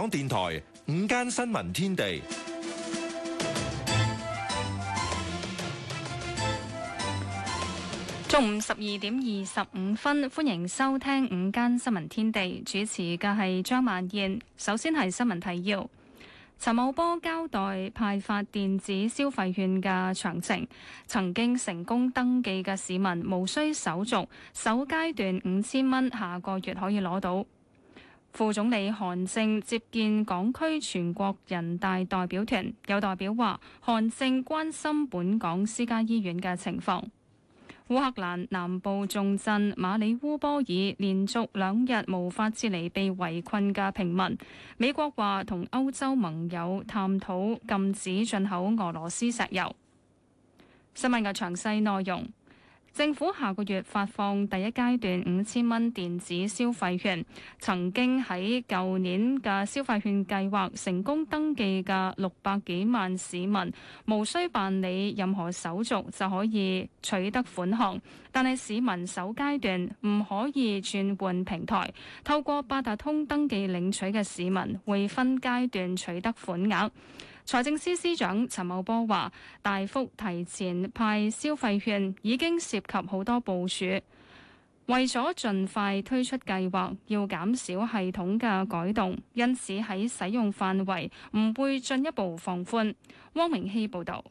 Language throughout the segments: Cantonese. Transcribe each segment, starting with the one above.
香港電台午間新聞天地，中午十二點二十五分，歡迎收聽午間新聞天地，主持嘅係張曼燕。首先係新聞提要：陳茂波交代派發電子消費券嘅詳情，曾經成功登記嘅市民無需手續，首階段五千蚊下個月可以攞到。副總理韓正接見港區全國人大代表團，有代表話韓正關心本港私家醫院嘅情況。烏克蘭南部重鎮馬里烏波爾連續兩日無法撤離被圍困嘅平民。美國話同歐洲盟友探討禁止進口俄羅斯石油。新聞嘅詳細內容。政府下個月發放第一階段五千蚊電子消費券，曾經喺舊年嘅消費券計劃成功登記嘅六百幾萬市民，無需辦理任何手續就可以取得款項。但係市民首階段唔可以轉換平台，透過八達通登記領取嘅市民會分階段取得款額。財政司司長陳茂波話：大幅提前派消費券已經涉及好多部署，為咗盡快推出計劃，要減少系統嘅改動，因此喺使用範圍唔會進一步放寬。汪明熙報導。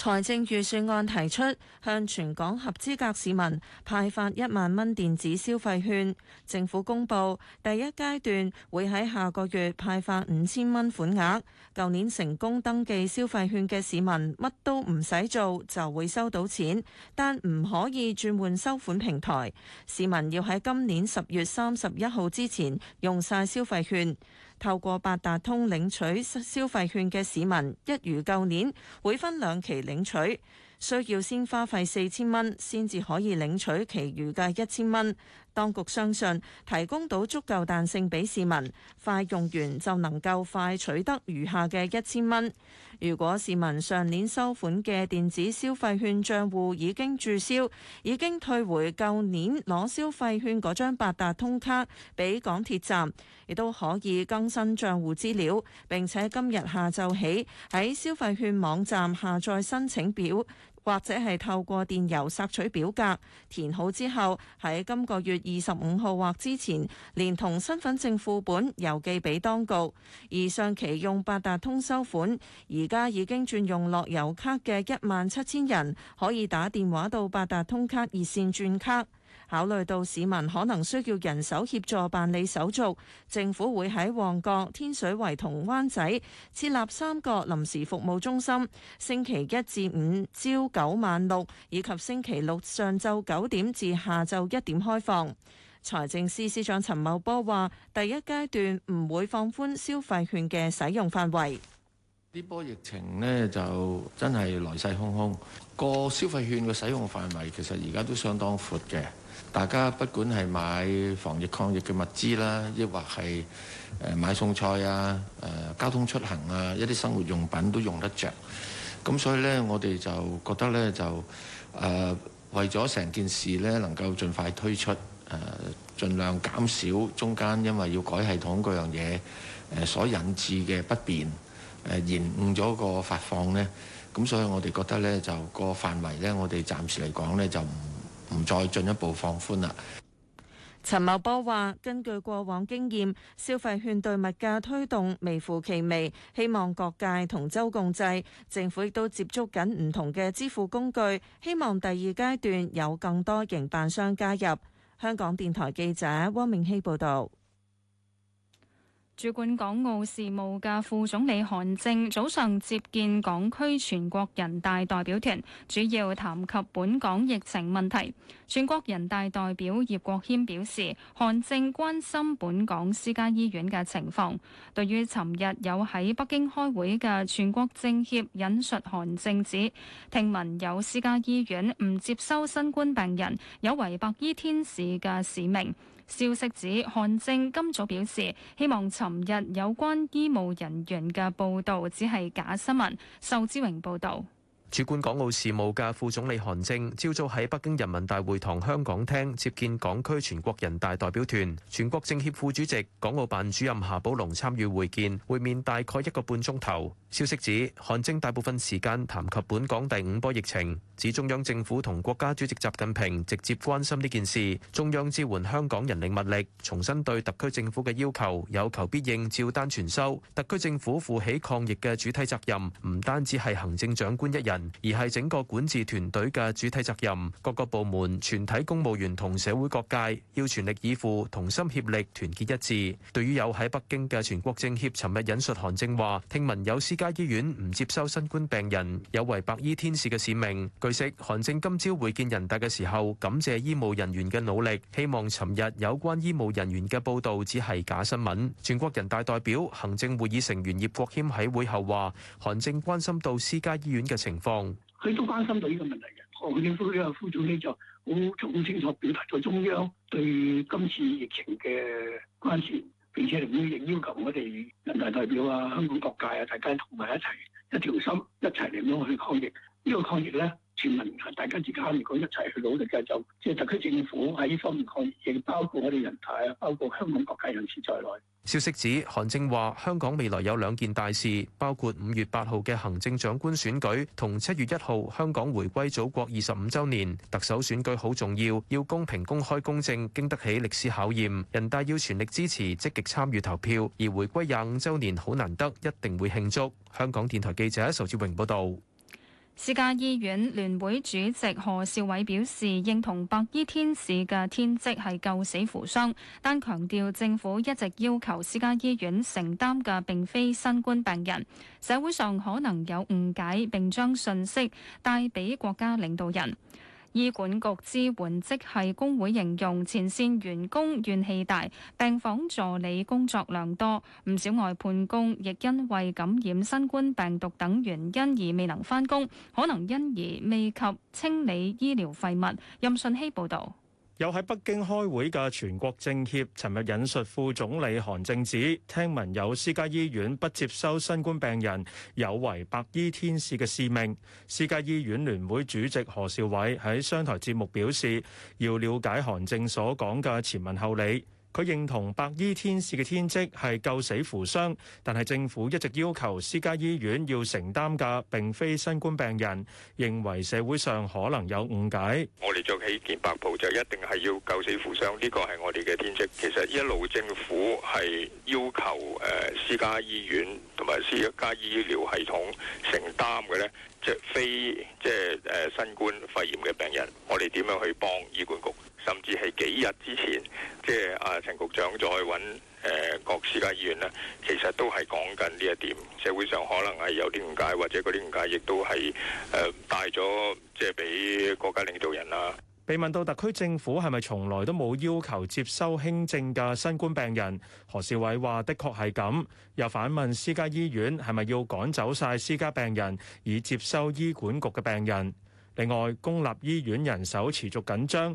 財政預算案提出，向全港合資格市民派發一萬蚊電子消費券。政府公布第一階段會喺下個月派發五千蚊款額。舊年成功登記消費券嘅市民乜都唔使做就會收到錢，但唔可以轉換收款平台。市民要喺今年十月三十一號之前用晒消費券。透過八達通領取消費券嘅市民，一如舊年，會分兩期領取，需要先花費四千蚊，先至可以領取其餘嘅一千蚊。當局相信提供到足夠彈性俾市民，快用完就能夠快取得餘下嘅一千蚊。如果市民上年收款嘅電子消費券帳戶已經註銷，已經退回舊年攞消費券嗰張八達通卡俾港鐵站，亦都可以更新帳戶資料。並且今日下晝起，喺消費券網站下載申請表。或者係透過電郵索取表格，填好之後喺今個月二十五號或之前，連同身份證副本郵寄俾當局。而上期用八達通收款，而家已經轉用樂悠卡嘅一萬七千人，可以打電話到八達通卡熱線轉卡。考慮到市民可能需要人手協助辦理手續，政府會喺旺角、天水圍同灣仔設立三個臨時服務中心，星期一至五朝九晚六，以及星期六上晝九點至下晝一點開放。財政司司長陳茂波話：第一階段唔會放寬消費券嘅使用範圍。呢波疫情呢，就真係來勢洶洶，個消費券嘅使用範圍其實而家都相當闊嘅。大家不管係買防疫抗疫嘅物資啦，亦或係誒買餸菜啊、誒交通出行啊、一啲生活用品都用得著。咁所以呢，我哋就覺得呢就誒為咗成件事呢能夠盡快推出，誒儘量減少中間因為要改系統嗰樣嘢，誒所引致嘅不便，誒延誤咗個發放呢。咁所以我哋覺得呢就個範圍呢，我哋暫時嚟講呢就唔。唔再進一步放寬啦。陳茂波話：根據過往經驗，消費券對物價推動微乎其微，希望各界同舟共濟。政府亦都接觸緊唔同嘅支付工具，希望第二階段有更多營辦商加入。香港電台記者汪明希報導。主管港澳事務嘅副總理韓正早上接見港區全國人大代表團，主要談及本港疫情問題。全國人大代表葉國謙表示，韓正關心本港私家醫院嘅情況。對於尋日有喺北京開會嘅全國政協，引述韓正指，聽聞有私家醫院唔接收新冠病人，有違白衣天使嘅使命。消息指，韓正今早表示，希望尋日有關醫務人員嘅報道只係假新聞，仇志榮報道。主管港澳事務嘅副總理韓正朝早喺北京人民大會堂香港廳接見港區全國人大代表團，全國政協副主席、港澳辦主任夏寶龍參與會見，會面大概一個半鐘頭。消息指，韓正大部分時間談及本港第五波疫情，指中央政府同國家主席習近平直接關心呢件事，中央支援香港人力物力，重新對特區政府嘅要求有求必應，照單全收，特區政府負起抗疫嘅主體責任，唔單止係行政長官一人。而係整個管治團隊嘅主體責任，各個部門、全體公務員同社會各界要全力以赴、同心協力、團結一致。對於有喺北京嘅全國政協尋日引述韓正話聽聞有私家醫院唔接收新冠病人，有違白衣天使嘅使命。據悉，韓正今朝會見人大嘅時候，感謝醫務人員嘅努力，希望尋日有關醫務人員嘅報道只係假新聞。全國人大代表、行政會議成員葉國謙喺會後話韓正關心到私家醫院嘅情況。佢都關心到呢個問題嘅，何行呢個副總理就好重清楚表達咗中央對今次疫情嘅關注，並且亦要求我哋人大代表啊、香港各界啊，大家同埋一齊，一條心，一齊嚟到去抗疫。呢個抗疫咧。全民啊！大家自己攞嚟講，一齊去努力嘅就即係特區政府喺呢方面去，亦包括我哋人大啊，包括香港各界人士在內。消息指，韓正話：香港未來有兩件大事，包括五月八號嘅行政長官選舉同七月一號香港回歸祖國二十五週年。特首選舉好重要，要公平、公開、公正，經得起歷史考驗。人大要全力支持，積極參與投票。而回歸廿五週年好難得，一定會慶祝。香港電台記者仇志榮報導。私家醫院聯會主席何少偉表示，認同白衣天使嘅天職係救死扶傷，但強調政府一直要求私家醫院承擔嘅並非新冠病人，社會上可能有誤解，並將信息帶俾國家領導人。醫管局支援職系工會形容，前線員工怨氣大，病房助理工作量多，唔少外判工亦因為感染新冠病毒等原因而未能翻工，可能因而未及清理醫療廢物。任信希報導。有喺北京開會嘅全國政協，尋日引述副總理韓正指，聽聞有私家醫院不接收新冠病人，有違白衣天使嘅使命。私家醫院聯會主席何兆偉喺商台節目表示，要了解韓正所講嘅前文後理。佢認同白衣天使嘅天職係救死扶傷，但係政府一直要求私家醫院要承擔嘅並非新冠病人，認為社會上可能有誤解。我哋著起件白袍就一定係要救死扶傷，呢個係我哋嘅天職。其實一路政府係要求誒私家醫院。 同埋私一家醫療系統承擔嘅呢，即係非即係誒新冠肺炎嘅病人，我哋點樣去幫醫管局？甚至係幾日之前，即係阿、啊、陳局長再揾、呃、各私家醫院呢，其實都係講緊呢一點。社會上可能係有啲誤解，或者嗰啲誤解亦都係誒、呃、帶咗即係俾國家領導人啊。被問到特區政府係咪從來都冇要求接收輕症嘅新冠病人，何少偉話：的確係咁。又反問私家醫院係咪要趕走晒私家病人，以接收醫管局嘅病人。另外，公立醫院人手持續緊張。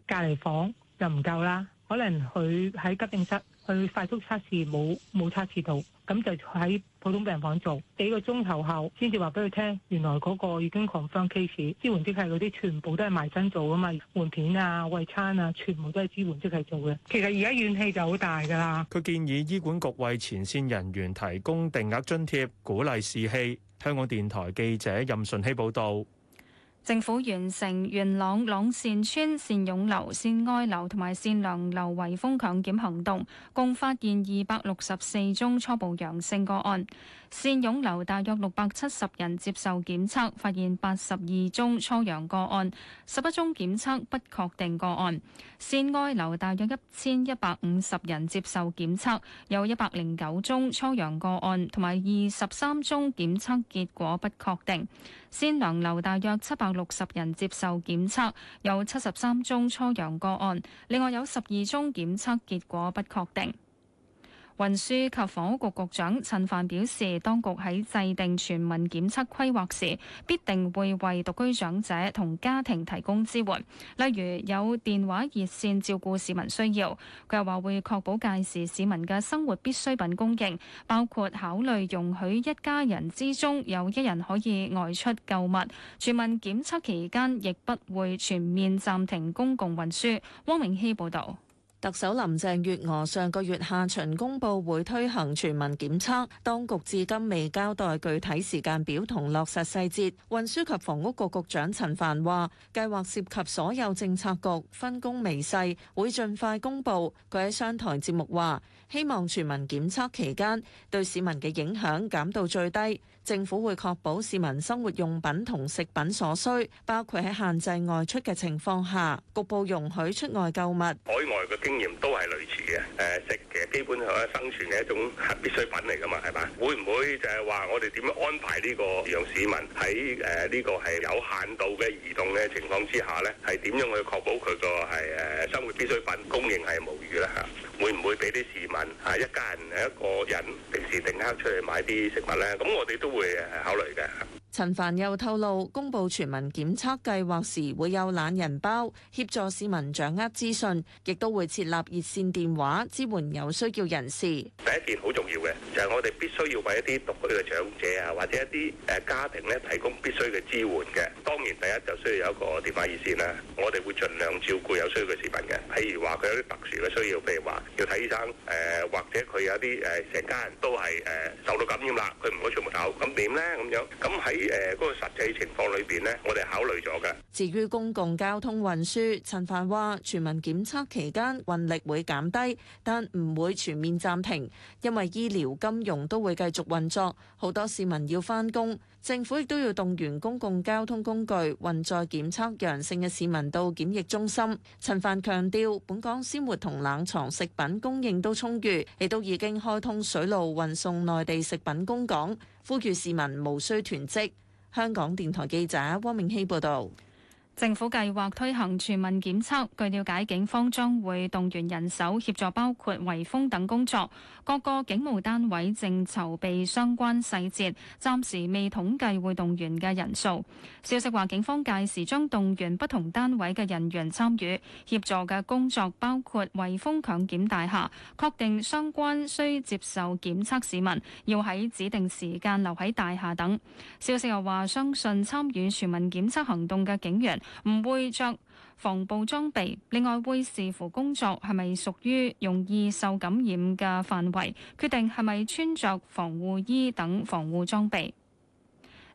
隔離房就唔夠啦，可能佢喺急症室去快速測試冇冇測試到，咁就喺普通病房做幾個鐘頭後，先至話俾佢聽，原來嗰個已經 confirm case。支援即係嗰啲全部都係埋身做噶嘛，換片啊、餵餐啊，全部都係支援即係做嘅。其實而家怨氣就好大噶啦。佢建議醫管局為前線人員提供定額津貼，鼓勵士氣。香港電台記者任順熙報道。政府完成元朗朗善邨善湧樓、善愛樓同埋善良樓圍封強檢行動，共發現二百六十四宗初步陽性個案。善涌樓大約六百七十人接受檢測，發現八十二宗初陽個案，十一宗檢測不確定個案。善外樓大約一千一百五十人接受檢測，有一百零九宗初陽個案，同埋二十三宗檢測結果不確定。善良樓大約七百六十人接受檢測，有七十三宗初陽個案，另外有十二宗檢測結果不確定。運輸及房屋局局長陳帆表示，當局喺制定全民檢測規劃時，必定會為獨居長者同家庭提供支援，例如有電話熱線照顧市民需要。佢又話會確保屆時市民嘅生活必需品供應，包括考慮容許一家人之中有一人可以外出購物。全民檢測期間亦不會全面暫停公共運輸。汪永熙報導。特首林鄭月娥上個月下旬公佈會推行全民檢測，當局至今未交代具體時間表同落實細節。運輸及房屋局局長陳帆話：計劃涉及所有政策局，分工微細，會盡快公佈。佢喺商台節目話。希望全民檢測期間對市民嘅影響減到最低，政府會確保市民生活用品同食品所需，包括喺限制外出嘅情況下，局部容許出外購物。海外嘅經驗都係類似嘅，誒食其實基本上係生存嘅一種必需品嚟㗎嘛，係嘛？會唔會就係話我哋點樣安排呢個，讓市民喺誒呢個係有限度嘅移動嘅情況之下咧，係點樣去確保佢個係誒生活必需品供應係無餘咧？嚇，會唔會俾啲市民？啊！一家人，一個人，平時定刻出去買啲食物咧，咁我哋都會誒考慮嘅。陳帆又透露，公布全民檢測計劃時會有懶人包協助市民掌握資訊，亦都會設立熱線電話支援有需要人士。第一件好重要嘅就係、是、我哋必須要為一啲獨居嘅長者啊，或者一啲誒家庭咧提供必須嘅支援嘅。當然第一就需要有一個電話熱線啦。我哋會盡量照顧有需要嘅市民嘅，譬如話佢有啲特殊嘅需要，譬如話要睇醫生，誒、呃、或者佢有啲誒成家人都係誒、呃、受到感染啦，佢唔可以出門口，咁點咧咁樣？咁喺誒嗰個實際情況裏邊咧，我哋考慮咗嘅。至於公共交通運輸，陳帆話全民檢測期間運力會減低，但唔會全面暫停，因為醫療、金融都會繼續運作，好多市民要翻工，政府亦都要動員公共交通工具運載檢測陽性嘅市民到檢疫中心。陳帆強調，本港鮮活同冷藏食品供應都充裕，亦都已經開通水路運送內地食品供港。呼籲市民無需囤積。香港電台記者汪明熙報導。政府計劃推行全民檢測。據了解，警方將會動員人手協助包括圍封等工作。各個警務單位正籌備相關細節，暫時未統計會動員嘅人數。消息話，警方屆時將動員不同單位嘅人員參與協助嘅工作，包括圍封、強檢大廈、確定相關需接受檢測市民要喺指定時間留喺大廈等。消息又話，相信參與全民檢測行動嘅警員唔會着防暴裝備，另外會視乎工作係咪屬於容易受感染嘅範圍，決定係咪穿著防護衣等防護裝備。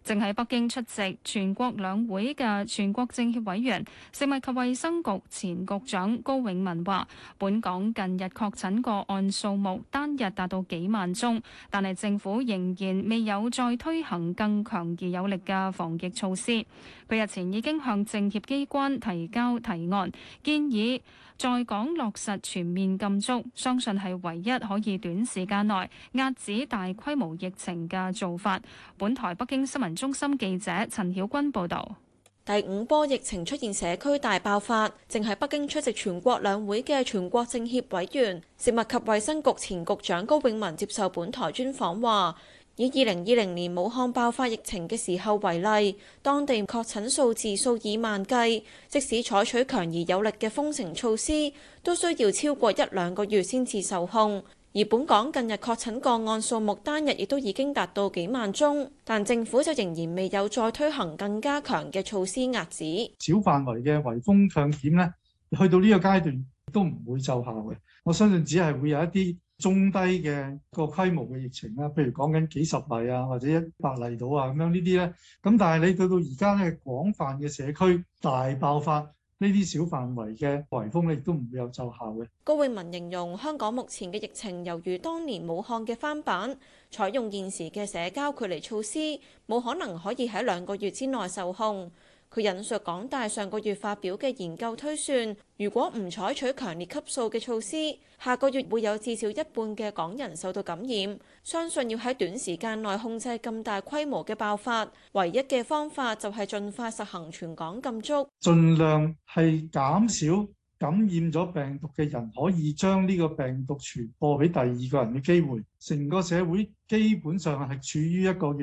正喺北京出席全國兩會嘅全國政協委員、食物及衛生局前局長高永文話：本港近日確診個案數目單日達到幾萬宗，但係政府仍然未有再推行更強而有力嘅防疫措施。佢日前已經向政協機關提交提案，建議。在港落實全面禁足，相信係唯一可以短時間內壓止大規模疫情嘅做法。本台北京新聞中心記者陳曉君報導，第五波疫情出現社區大爆發，正係北京出席全國兩會嘅全國政協委員、食物及衛生局前局長高永文接受本台專訪話。以二零二零年武漢爆發疫情嘅時候為例，當地確診數字數以萬計，即使採取強而有力嘅封城措施，都需要超過一兩個月先至受控。而本港近日確診個案數目單日亦都已經達到幾萬宗，但政府就仍然未有再推行更加強嘅措施壓止。小範圍嘅圍封強檢呢，去到呢個階段都唔會奏效嘅。我相信只係會有一啲，中低嘅個規模嘅疫情啦，譬如講緊幾十例啊，或者一百例到啊，咁樣呢啲咧，咁但係你到到而家咧，廣泛嘅社區大爆發，呢啲小範圍嘅圍封咧，亦都唔會有奏效嘅。高永文形容香港目前嘅疫情，猶如當年武漢嘅翻版，採用現時嘅社交距離措施，冇可能可以喺兩個月之內受控。佢引述港大上個月發表嘅研究推算，如果唔採取強烈級數嘅措施，下個月會有至少一半嘅港人受到感染。相信要喺短時間內控制咁大規模嘅爆發，唯一嘅方法就係盡快實行全港禁足，盡量係減少感染咗病毒嘅人可以將呢個病毒傳播俾第二個人嘅機會。成個社會基本上係處於一個叫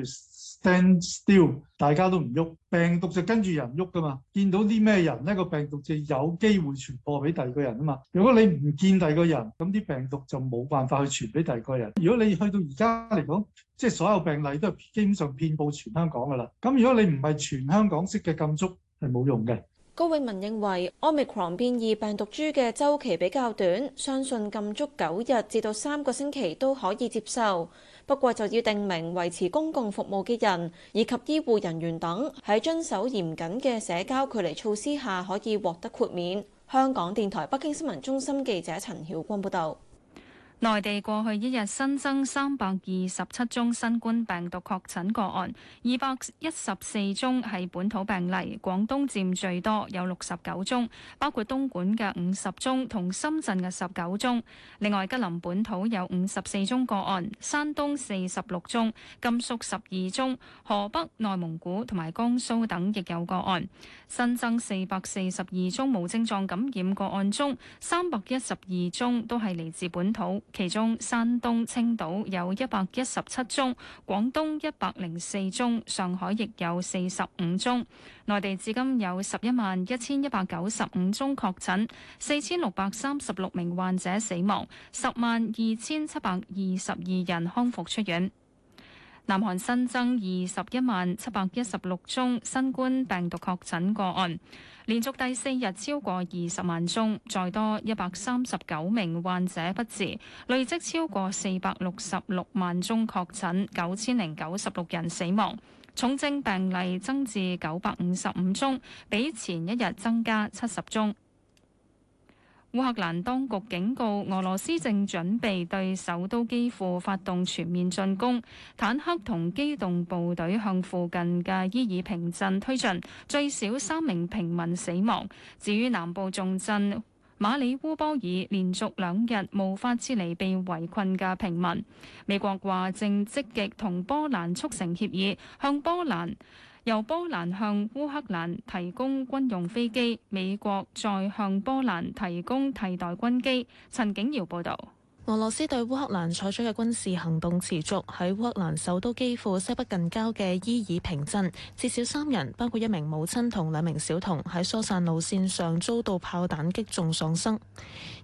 Stand still，大家都唔喐，病毒就跟住人喐噶嘛。見到啲咩人咧，個病毒就有機會傳播俾第二個人啊嘛。如果你唔見第二個人，咁啲病毒就冇辦法去傳俾第二個人。如果你去到而家嚟講，即係所有病例都係基本上遍佈全香港噶啦。咁如果你唔係全香港式嘅禁足，係冇用嘅。高永文認為，Omicron 變異病毒株嘅週期比較短，相信禁足九日至到三個星期都可以接受。不過就要定明維持公共服務嘅人以及醫護人員等，喺遵守嚴謹嘅社交距離措施下可以獲得豁免。香港電台北京新聞中心記者陳曉君報道。內地過去一日新增三百二十七宗新冠病毒確診個案，二百一十四宗係本土病例，廣東佔最多，有六十九宗，包括東莞嘅五十宗同深圳嘅十九宗。另外，吉林本土有五十四宗個案，山東四十六宗，甘肅十二宗，河北、內蒙古同埋江蘇等亦有個案。新增四百四十二宗無症狀感染個案中，三百一十二宗都係嚟自本土，其中山東青島有一百一十七宗，廣東一百零四宗，上海亦有四十五宗。內地至今有十一萬一千一百九十五宗確診，四千六百三十六名患者死亡，十萬二千七百二十二人康復出院。南韓新增二十一萬七百一十六宗新冠病毒確診個案，連續第四日超過二十萬宗，再多一百三十九名患者不治，累積超過四百六十六萬宗確診，九千零九十六人死亡，重症病例增至九百五十五宗，比前一日增加七十宗。烏克蘭當局警告，俄羅斯正準備對首都基輔發動全面進攻，坦克同機動部隊向附近嘅伊爾平鎮推進，最少三名平民死亡。至於南部重鎮馬里烏波爾，連續兩日無法撤離被圍困嘅平民。美國話正積極同波蘭促成協議，向波蘭。由波蘭向烏克蘭提供軍用飛機，美國再向波蘭提供替代軍機，陳景瑤報道。俄羅斯對烏克蘭採取嘅軍事行動持續，喺烏克蘭首都基輔西北近郊嘅伊爾平鎮，至少三人，包括一名母親同兩名小童，喺疏散路線上遭到炮彈擊中喪生。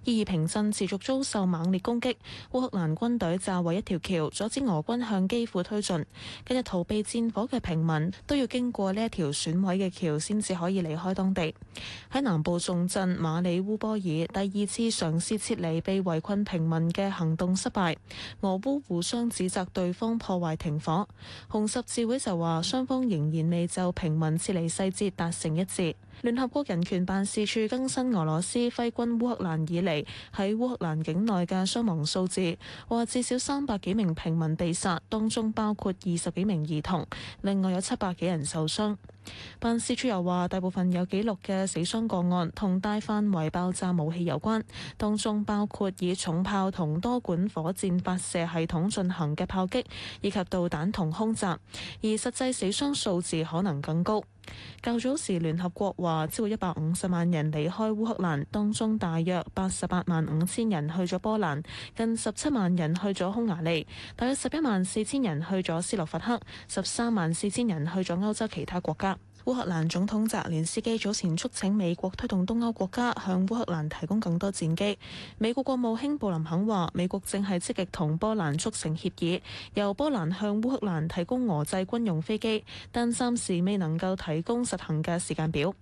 伊爾平鎮持續遭受猛烈攻擊，烏克蘭軍隊炸毀一條橋，阻止俄軍向基輔推進。近日逃避戰火嘅平民都要經過呢一條損毀嘅橋先至可以離開當地。喺南部重鎮馬里烏波爾，第二次嘗試撤離被圍困平民嘅行動失敗，俄烏互相指責對方破壞停火。紅十字會就話，雙方仍然未就平民撤離細節達成一致。聯合國人權辦事處更新俄羅斯揮軍烏克蘭以嚟喺烏克蘭境內嘅傷亡數字，話至少三百幾名平民被殺，當中包括二十幾名兒童，另外有七百幾人受傷。辦事處又話，大部分有記錄嘅死傷個案同大範圍爆炸武器有關，當中包括以重炮同多管火箭發射系統進行嘅炮擊，以及導彈同空襲，而實際死傷數字可能更高。較早時，聯合國話超過一百五十萬人離開烏克蘭，當中大約八十八萬五千人去咗波蘭，近十七萬人去咗匈牙利，大約十一萬四千人去咗斯洛伐克，十三萬四千人去咗歐洲其他國家。烏克蘭總統澤連斯基早前促請美國推動東歐國家向烏克蘭提供更多戰機。美國國務卿布林肯話：美國正係積極同波蘭促成協議，由波蘭向烏克蘭提供俄製軍用飛機，但暫時未能夠提供實行嘅時間表。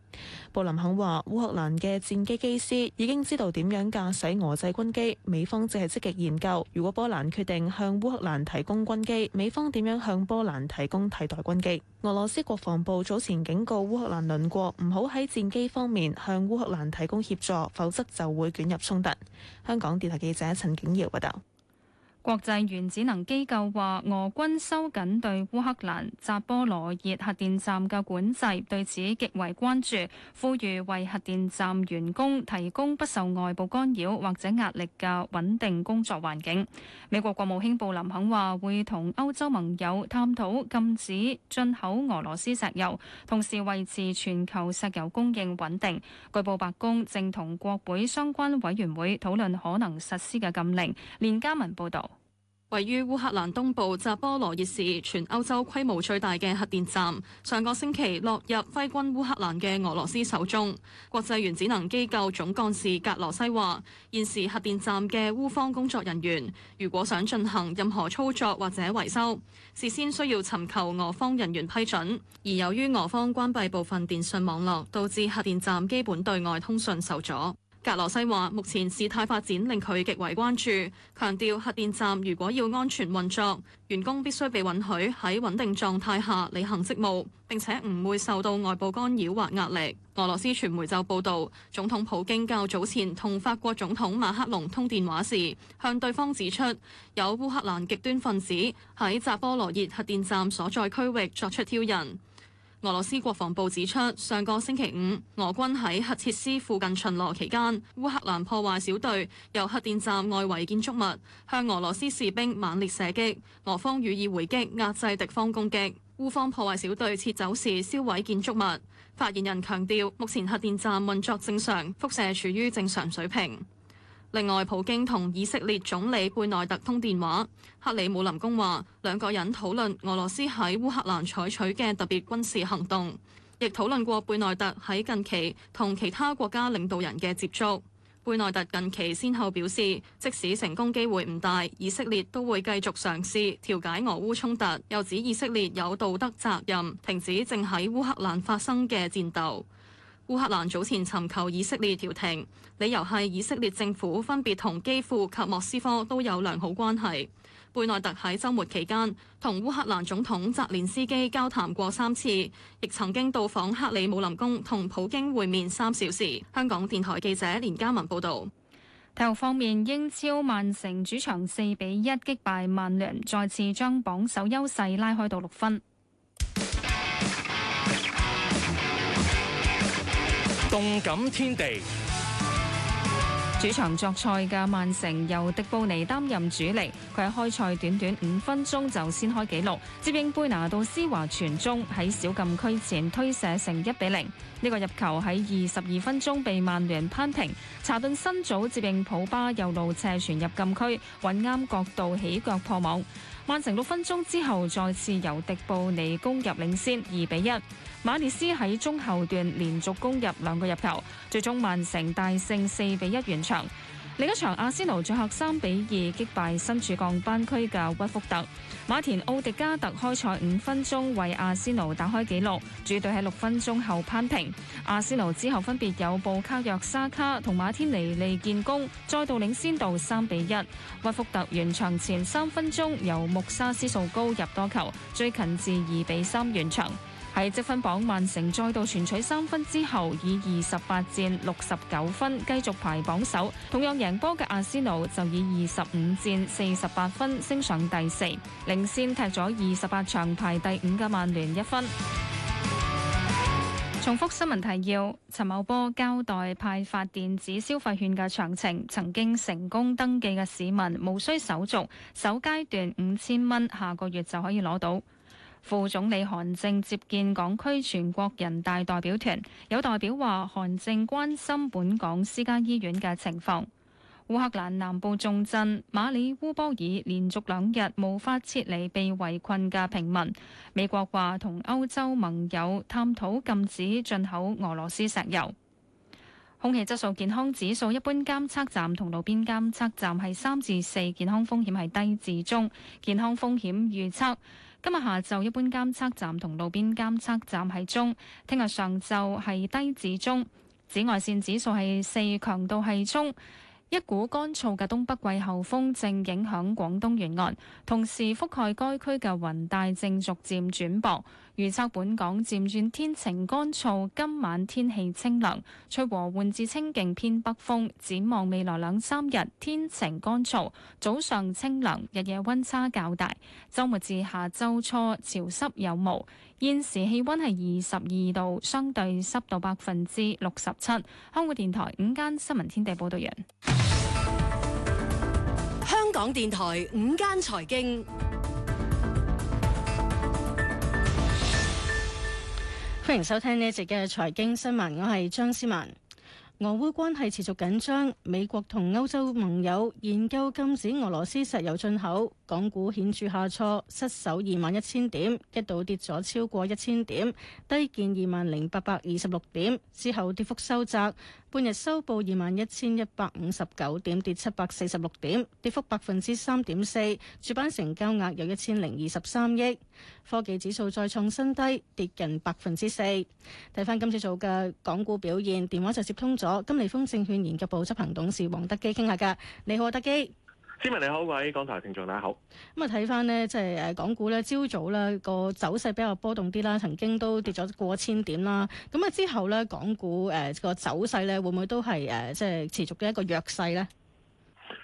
布林肯話：烏克蘭嘅戰機機師已經知道點樣駕駛俄製軍機，美方正係積極研究，如果波蘭決定向烏克蘭提供軍機，美方點樣向波蘭提供替代軍機。俄羅斯國防部早前。警告烏克蘭鄰國唔好喺戰機方面向烏克蘭提供協助，否則就會捲入衝突。香港電台記者陳景瑤報道。國際原子能機構話，俄軍收緊對烏克蘭扎波羅熱核電站嘅管制，對此極為關注，呼籲為核電站員工提供不受外部干擾或者壓力嘅穩定工作環境。美國國務卿布林肯話，會同歐洲盟友探討禁止進口俄羅斯石油，同時維持全球石油供應穩定。據報，白宮正同國會相關委員會討論可能實施嘅禁令。連加文報導。位於烏克蘭東部扎波羅熱市、全歐洲規模最大嘅核電站，上個星期落入揮軍烏克蘭嘅俄羅斯手中。國際原子能機構總幹事格羅西話：現時核電站嘅烏方工作人員，如果想進行任何操作或者維修，事先需要尋求俄方人員批准。而由於俄方關閉部分電信網絡，導致核電站基本對外通訊受阻。格羅西話：目前事態發展令佢極為關注，強調核電站如果要安全運作，員工必須被允許喺穩定狀態下履行職務，並且唔會受到外部干擾或壓力。俄羅斯傳媒就報導，總統普京較早前同法國總統馬克龍通電話時，向對方指出有烏克蘭極端分子喺扎波羅熱核電站所在區域作出挑釁。俄羅斯國防部指出，上個星期五，俄軍喺核設施附近巡邏期間，烏克蘭破壞小隊由核電站外圍建築物向俄羅斯士兵猛烈射擊，俄方予以回擊壓制敵方攻擊。烏方破壞小隊撤走時燒毀建築物。發言人強調，目前核電站運作正常，輻射處於正常水平。另外，普京同以色列總理貝內特通電話，克里姆林宮話，兩個人討論俄羅斯喺烏克蘭採取嘅特別軍事行動，亦討論過貝內特喺近期同其他國家領導人嘅接觸。貝內特近期先後表示，即使成功機會唔大，以色列都會繼續嘗試調解俄烏衝突，又指以色列有道德責任，停止正喺烏克蘭發生嘅戰鬥。烏克蘭早前尋求以色列調停，理由係以色列政府分別同基輔及莫斯科都有良好關係。貝內特喺週末期間同烏克蘭總統澤連斯基交談過三次，亦曾經到訪克里姆林宮同普京會面三小時。香港電台記者連嘉文報道。體育方面，英超曼城主場四比一擊敗曼聯，再次將榜首優勢拉開到六分。動感天地。主場作賽嘅曼城由迪布尼擔任主力，佢喺開賽短短五分鐘就先開紀錄，接應貝拿度施華傳中喺小禁區前推射成一比零。呢、這個入球喺二十二分鐘被曼聯扳平，查頓新組接應普巴右路斜傳入禁區，揾啱角度起腳破網。曼城六分鐘之後再次由迪布尼攻入領先二比一，馬列斯喺中後段連續攻入兩個入球，最終曼城大勝四比一完場。另一場，阿仙奴作客三比二擊敗身處降班區嘅屈福特。馬田奧迪加特開賽五分鐘為阿仙奴打開紀錄，主隊喺六分鐘後扳平。阿仙奴之後分別有布卡約沙卡同馬天尼利建功，再度領先到三比一。屈福特完場前三分鐘由穆沙斯素高入多球，最近至二比三完場。喺積分榜，曼城再度全取三分之後，以二十八戰六十九分繼續排榜首。同樣贏波嘅阿仙奴就以二十五戰四十八分升上第四，領先踢咗二十八場排第五嘅曼聯一分。重複新聞提要：陳茂波交代派發電子消費券嘅詳情，曾經成功登記嘅市民無需手續，首階段五千蚊下個月就可以攞到。副總理韓正接見港區全國人大代表團，有代表話：韓正關心本港私家醫院嘅情況。烏克蘭南部重鎮馬里烏波爾連續兩日無法撤離被圍困嘅平民。美國話同歐洲盟友探討禁止進口俄羅斯石油。空氣質素健康指數一般監測站同路邊監測站係三至四，健康風險係低至中，健康風險預測。今日下晝一般監測站同路邊監測站係中，聽日上晝係低至中。紫外線指數係四，強度係中。一股乾燥嘅東北季候風正影響廣東沿岸，同時覆蓋該區嘅雲帶正逐漸轉薄。預測本港漸轉天晴乾燥，今晚天氣清涼，吹和緩至清勁偏北風。展望未來兩三日天晴乾燥，早上清涼，日夜溫差較大。周末至下周初潮濕有霧。現時氣溫係二十二度，相對濕度百分之六十七。香港電台午間新聞天地報道完。香港電台午間財經。歡迎收聽呢一節嘅財經新聞，我係張思文。俄烏關係持續緊張，美國同歐洲盟友研究禁止俄羅斯石油進口。港股顯著下挫，失守二萬一千點，一度跌咗超過一千點，低見二萬零八百二十六點之後，跌幅收窄。半日收報二萬一千一百五十九點，跌七百四十六點，跌幅百分之三點四。主板成交額有一千零二十三億。科技指數再創新低，跌近百分之四。睇翻今次做嘅港股表現，電話就接通咗金利豐證券研究部執行董事黃德基傾下㗎。你好，德基。斯文你好，各位港台聽眾大家好。咁啊，睇翻呢，即係誒，港股咧，朝早咧個走勢比較波動啲啦，曾經都跌咗過千點啦。咁啊，之後咧，港股誒個走勢咧，會唔會都係誒即係持續嘅一個弱勢咧？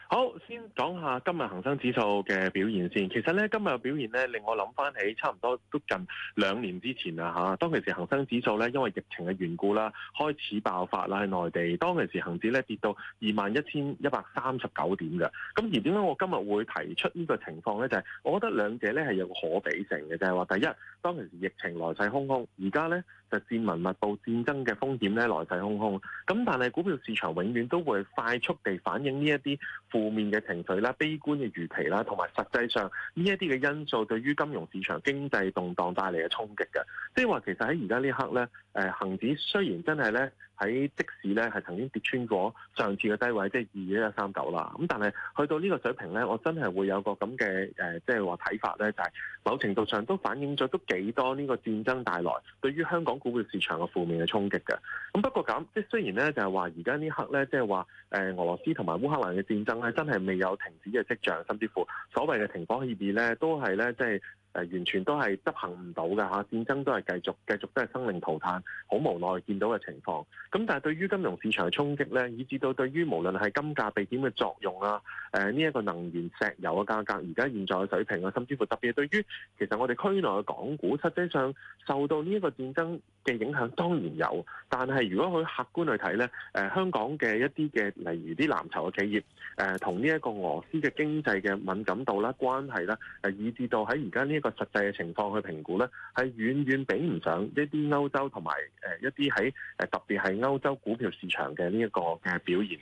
好，先講下今日恒生指數嘅表現先。其實咧，今日嘅表現咧，令我諗翻起差唔多都近兩年之前啦嚇、啊。當其時恒生指數咧，因為疫情嘅緣故啦，開始爆發啦喺內地。當其時恒指咧跌到二萬一千一百三十九點嘅。咁而點解我今日會提出呢個情況咧？就係、是、我覺得兩者咧係有可比性嘅，就係、是、話第一，當其時疫情來勢洶洶，而家咧就戰民物暴戰爭嘅風險咧來勢洶洶。咁但係股票市場永遠都會快速地反映呢一啲，負面嘅情緒啦、悲觀嘅預期啦，同埋實際上呢一啲嘅因素，對於金融市場經濟動盪帶嚟嘅衝擊嘅，即係話其實喺而家呢刻咧，誒恆指雖然真係咧。喺即使咧係曾經跌穿過上次嘅低位，即係二一一三九啦。咁但係去到呢個水平咧，我真係會有個咁嘅誒，即係話睇法咧，就係、是、某程度上都反映咗都幾多呢個戰爭帶來對於香港股票市場嘅負面嘅衝擊嘅。咁不過咁，即係雖然咧就係話而家呢刻咧，即係話誒俄羅斯同埋烏克蘭嘅戰爭係真係未有停止嘅跡象，甚至乎所謂嘅停火協議咧都係咧即係。就是就是誒完全都係執行唔到㗎吓，戰爭都係繼續繼續都係生靈塗炭，好無奈見到嘅情況。咁但係對於金融市場嘅衝擊呢，以至到對於無論係金價避險嘅作用啊，誒呢一個能源石油嘅價格而家現在嘅水平啊，甚至乎特別對於其實我哋區內嘅港股，實際上受到呢一個戰爭嘅影響，當然有。但係如果佢客觀去睇呢，誒、呃、香港嘅一啲嘅例如啲藍籌嘅企業，誒同呢一個俄斯嘅經濟嘅敏感度啦、關係啦，誒、呃、以至到喺而家呢個實際嘅情況去評估咧，係遠遠比唔上一啲歐洲同埋誒一啲喺誒特別係歐洲股票市場嘅呢一個嘅表現。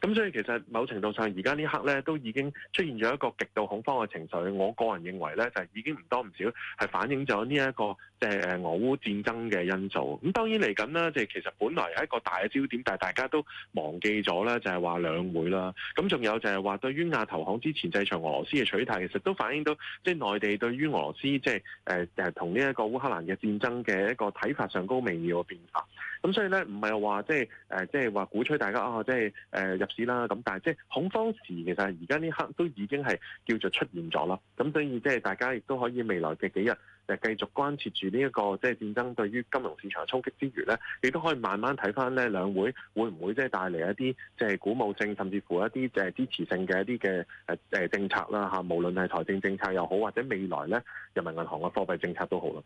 咁、嗯、所以其實某程度上，而家呢刻咧都已經出現咗一個極度恐慌嘅情緒。我個人認為咧，就係、是、已經唔多唔少係反映咗呢一個即係誒俄烏戰爭嘅因素。咁、嗯、當然嚟緊啦，即、就、係、是、其實本來有一個大嘅焦點，但係大家都忘記咗咧，就係、是、話兩會啦。咁仲有就係話對於亞投行之前制裁俄羅斯嘅取態，其實都反映到即係內地對於俄羅斯即係誒誒同呢一個烏克蘭嘅戰爭嘅一個睇法上高微妙嘅變化。咁、嗯、所以咧，唔係話即係誒，即係話鼓吹大家啊，即係誒。就是呃誒入市啦，咁但係即係恐慌時，其實而家呢刻都已經係叫做出現咗啦。咁所以即係大家亦都可以未來嘅幾日誒繼續關切住呢一個即係戰爭對於金融市場嘅衝擊之餘咧，亦都可以慢慢睇翻咧兩會會唔會即係帶嚟一啲即係鼓舞性，甚至乎一啲誒支持性嘅一啲嘅誒誒政策啦嚇。無論係財政政策又好，或者未來咧人民銀行嘅貨幣政策都好啦。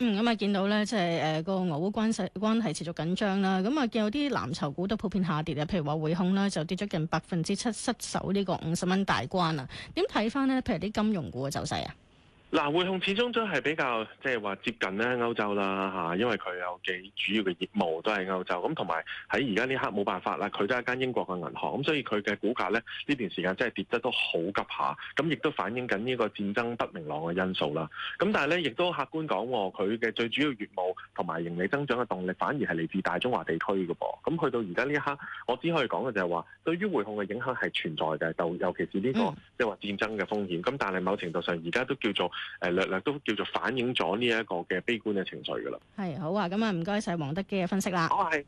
嗯，咁啊，見到咧，即、就是呃、係誒個俄烏關係關係持續緊張啦，咁、嗯、啊，見到啲藍籌股都普遍下跌啊，譬如話匯控咧就跌咗近百分之七，失守呢個五十蚊大關啊，點睇翻咧？譬如啲金融股嘅走勢啊？嗱，匯控始終都係比較即係話接近咧歐洲啦嚇，因為佢有幾主要嘅業務都係歐洲，咁同埋喺而家呢刻冇辦法啦，佢都係間英國嘅銀行，咁所以佢嘅股價咧呢段時間真係跌得都好急下，咁亦都反映緊呢個戰爭不明朗嘅因素啦。咁但係咧亦都客觀講，佢嘅最主要業務同埋盈利增長嘅動力反而係嚟自大中華地區嘅噃。咁去到而家呢一刻，我只可以講嘅就係話，對於匯控嘅影響係存在嘅，就尤其是呢個即係話戰爭嘅風險。咁但係某程度上而家都叫做誒，略略都叫做反映咗呢一個嘅悲觀嘅情緒㗎喇，係，好啊，咁啊唔該晒黃德基嘅分析啦。我係。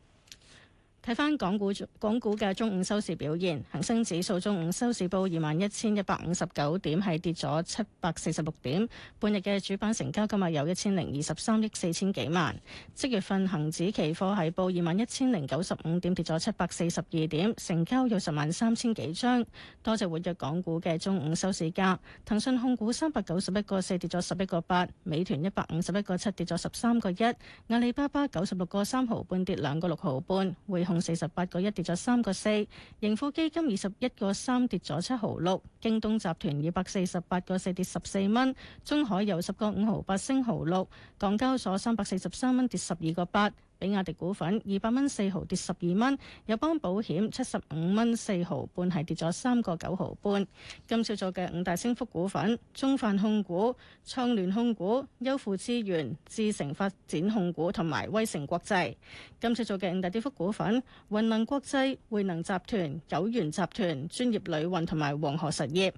睇翻港股，港股嘅中午收市表現，恒生指數中午收市報二萬一千一百五十九點，係跌咗七百四十六點。半日嘅主板成交今日有一千零二十三億四千幾萬。即月份恒指期貨係報二萬一千零九十五點，跌咗七百四十二點，成交有十萬三千幾張。多隻活躍港股嘅中午收市價。騰訊控股三百九十一個四跌咗十一個八，美團一百五十一個七跌咗十三個一，阿里巴巴九十六個三毫半跌兩個六毫半。匯共四十八個一跌咗三個四，盈富基金二十一個三跌咗七毫六，京東集團二百四十八個四跌十四蚊，中海油十個五毫八升毫六，港交所三百四十三蚊跌十二個八。比亞迪股份二百蚊四毫跌十二蚊，友邦保險七十五蚊四毫半係跌咗三個九毫半。今朝做嘅五大升幅股份：中泛控股、創聯控股、優富資源、智誠發展控股同埋威誠國際。今朝做嘅五大跌幅股份：雲能國際、匯能集團、友緣集團、專業旅運同埋黃河實業。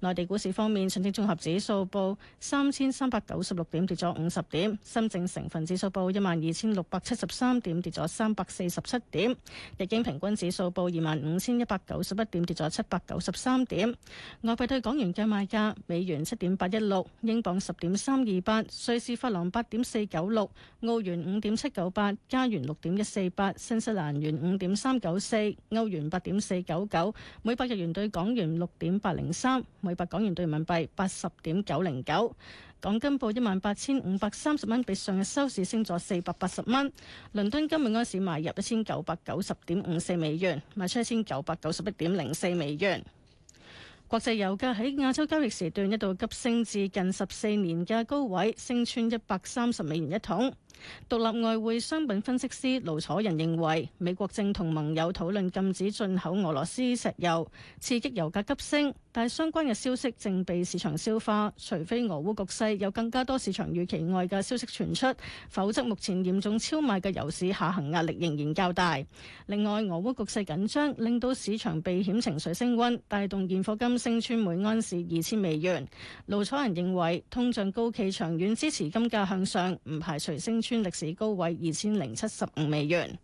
內地股市方面，上證綜合指數報三千三百九十六點，跌咗五十點；深證成分指數報一萬二千六百七十三點跌咗三百四十七點，日經平均指數報二萬五千一百九十一點，跌咗七百九十三點。外幣對港元嘅賣價：美元七點八一六，英鎊十點三二八，瑞士法郎八點四九六，澳元五點七九八，加元六點一四八，新西蘭元五點三九四，歐元八點四九九，每百日元對港元六點八零三，每百港元對人民幣八十點九零九。港金報一萬八千五百三十蚊，比上日收市升咗四百八十蚊。倫敦金每盎司賣入一千九百九十點五四美元，賣出一千九百九十一點零四美元。國際油價喺亞洲交易時段一度急升至近十四年嘅高位，升穿一百三十美元一桶。獨立外匯商品分析師盧楚仁認為，美國正同盟友討論禁止進口俄羅斯石油，刺激油價急升。但相關嘅消息正被市場消化，除非俄烏局勢有更加多市場預期外嘅消息傳出，否則目前嚴重超賣嘅油市下行壓力仍然較大。另外，俄烏局勢緊張令到市場避險情緒升溫，帶動現貨金升穿每盎司二千美元。盧楚仁認為，通脹高企長遠支持金價向上，唔排除升。創歷史高位二千零七十五美元。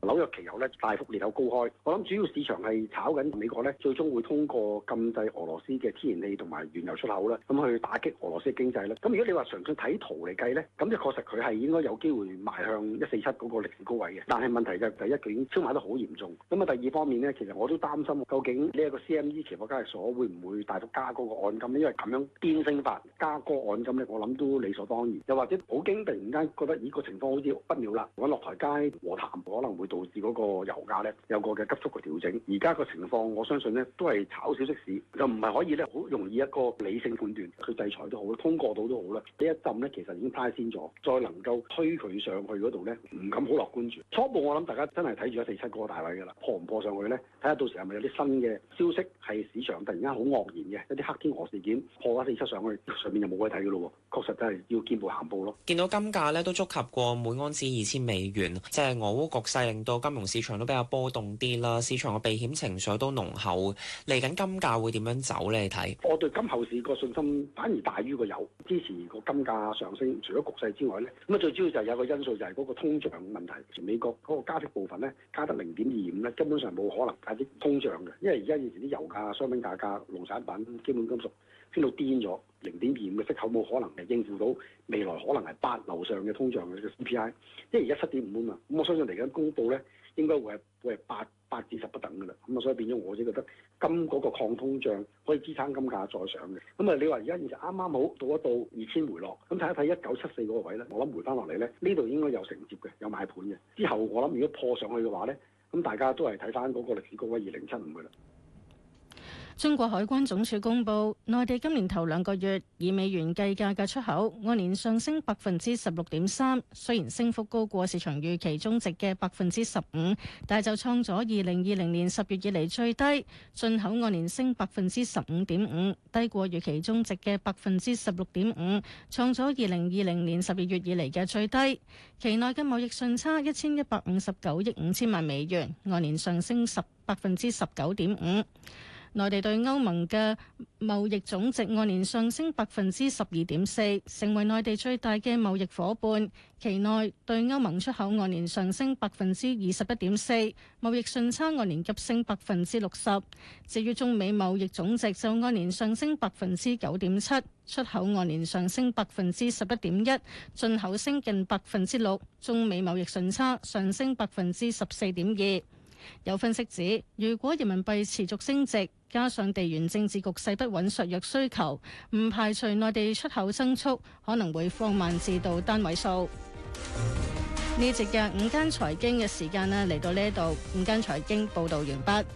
紐約期油咧大幅裂口高開，我諗主要市場係炒緊美國咧，最終會通過禁制俄羅斯嘅天然氣同埋原油出口咧，咁去打擊俄羅斯經濟咧。咁如果你話純粹睇圖嚟計咧，咁就係確實佢係應該有機會邁向一四七嗰個歷史高位嘅。但係問題就係、是、第一點，已經超買得好嚴重。咁啊，第二方面咧，其實我都擔心究竟呢一個 CME 期貨交易所會唔會大幅加嗰個按金咧？因為咁樣癲升法加個按金咧，我諗都理所當然。又或者普京，突然間覺得呢個情況好似不妙啦，揾落台階和談可能會。導致嗰個油價咧有個嘅急速嘅調整，而家個情況我相信咧都係炒小息市，就唔係可以咧好容易一個理性判斷。佢制裁都好啦，通過到都好啦，呢一浸咧其實已經派先咗，再能夠推佢上去嗰度咧，唔敢好樂觀住。初步我諗大家真係睇住一四七個大位㗎啦，破唔破上去咧？睇下到時係咪有啲新嘅消息喺市場突然間好愕然嘅，一啲黑天鵝事件破一四七上去，上面就冇位睇㗎咯喎。確實真係要見步行步咯。見到金價咧都觸及過每安士二千美元，即係俄烏局勢。到金融市場都比較波動啲啦，市場嘅避險情緒都濃厚。嚟緊金價會點樣走呢？你睇，我對今後市個信心反而大於個油支持個金價上升。除咗局勢之外呢，咁啊最主要就係有個因素就係嗰個通脹問題。美國嗰個加息部分呢，加得零點二五呢，根本上冇可能加啲通脹嘅，因為而家以前啲油價、商品價格、農產品、基本金屬。升到癲咗，零點二五嘅息口冇可能係應付到未來可能係八樓上嘅通脹嘅 CPI，因為而家七點五啊嘛，咁我相信嚟緊公布咧應該會係會係八八至十不等㗎啦，咁啊所以變咗我自己覺得金嗰個抗通脹可以支撐金價再上嘅，咁啊你話而家其實啱啱好到一到二千回落，咁睇一睇一九七四嗰個位咧，我諗回翻落嚟咧呢度應該有承接嘅，有買盤嘅，之後我諗如果破上去嘅話咧，咁大家都係睇翻嗰個歷史高位二零七五㗎啦。中國海關總署公布，內地今年頭兩個月以美元計價嘅出口按年上升百分之十六點三，雖然升幅高過市場預期中值嘅百分之十五，但就創咗二零二零年十月以嚟最低；進口按年升百分之十五點五，低過預期中值嘅百分之十六點五，創咗二零二零年十二月以嚟嘅最低。期內嘅貿易順差一千一百五十九億五千萬美元，按年上升十百分之十九點五。內地對歐盟嘅貿易總值按年上升百分之十二點四，成為內地最大嘅貿易伙伴。期內對歐盟出口按年上升百分之二十一點四，貿易順差按年急升百分之六十。至於中美貿易總值就按年上升百分之九點七，出口按年上升百分之十一點一，進口升近百分之六，中美貿易順差上升百分之十四點二。有分析指，如果人民幣持續升值，加上地緣政治局勢不穩，削弱需求，唔排除內地出口增速可能會放慢至到單位數。呢節嘅午間財經嘅時間咧，嚟到呢一度午間財經報道完畢。